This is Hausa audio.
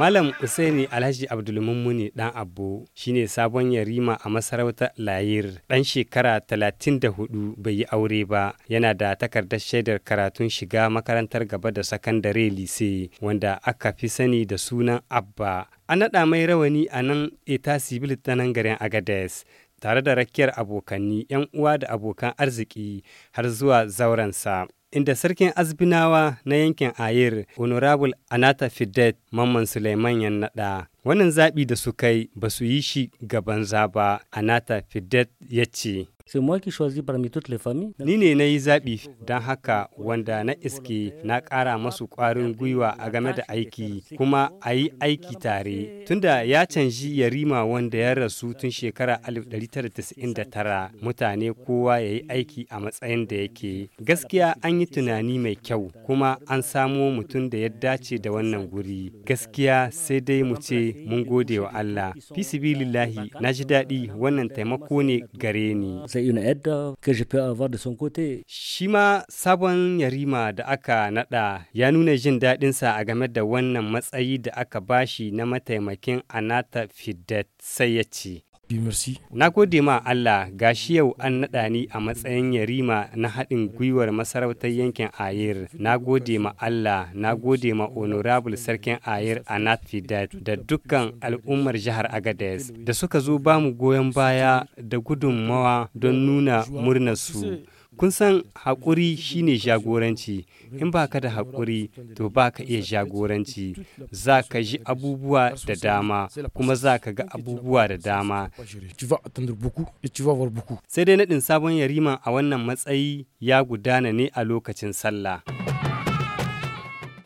Malam Usaini Alhaji Abdulmumuni dan abu shine sabon yarima a masarautar Layir dan shekara 34 bai yi aure ba yana da takardar shaidar karatun shiga makarantar gaba da sakandare lise wanda aka fi sani da sunan Abba an naɗa mai rawani a nan eta civil ta nan garin Agades tare da rakiyar abokanni 'yan uwa da abokan arziki har zuwa zaurensa. inda sarkin azbinawa na yankin ayir honorable anata fidet mamman suleiman ya naɗa wannan zaɓi da su kai ba su yi shi ga banza ba anata fidet ya ce sai parmi fami ni ne nayi yi zaɓi don haka wanda na iske na ƙara masu kwarin gwiwa a game da aiki kuma a yi aiki tare tunda ya canji yarima wanda ya rasu tun shekara 1999 mutane kowa yayi aiki a matsayin da yake gaskiya an yi tunani mai kyau kuma an samo mutum da ya dace da wannan guri gaskiya sai dai mu ce mun gode wa Allah fi sibilillahi na ji daɗi wannan taimako ne gare ni sai ina yadda kashi fi a da son kote. Shi ma sabon yarima da aka nada ya nuna jin daɗinsa a game da wannan matsayi da aka bashi na mataimakin Anata Fidet sai ya ce. Na gode ma Allah ga shi yau an naɗa ni a matsayin yarima na haɗin gwiwar masarautar yankin ayir Na gode ma Allah, na gode ma Honorable Sarkin ayir a Natfidat da dukkan al'ummar jihar Agadez da suka zo ba mu goyon baya da gudunmawa don nuna murnarsu. Kun san haƙuri shine jagoranci, in ba ka da haƙuri to ba ka iya jagoranci, za ka ji abubuwa da dama kuma za ka ga abubuwa da dama. Sai dai naɗin sabon yariman a wannan matsayi ya gudana ne a lokacin sallah.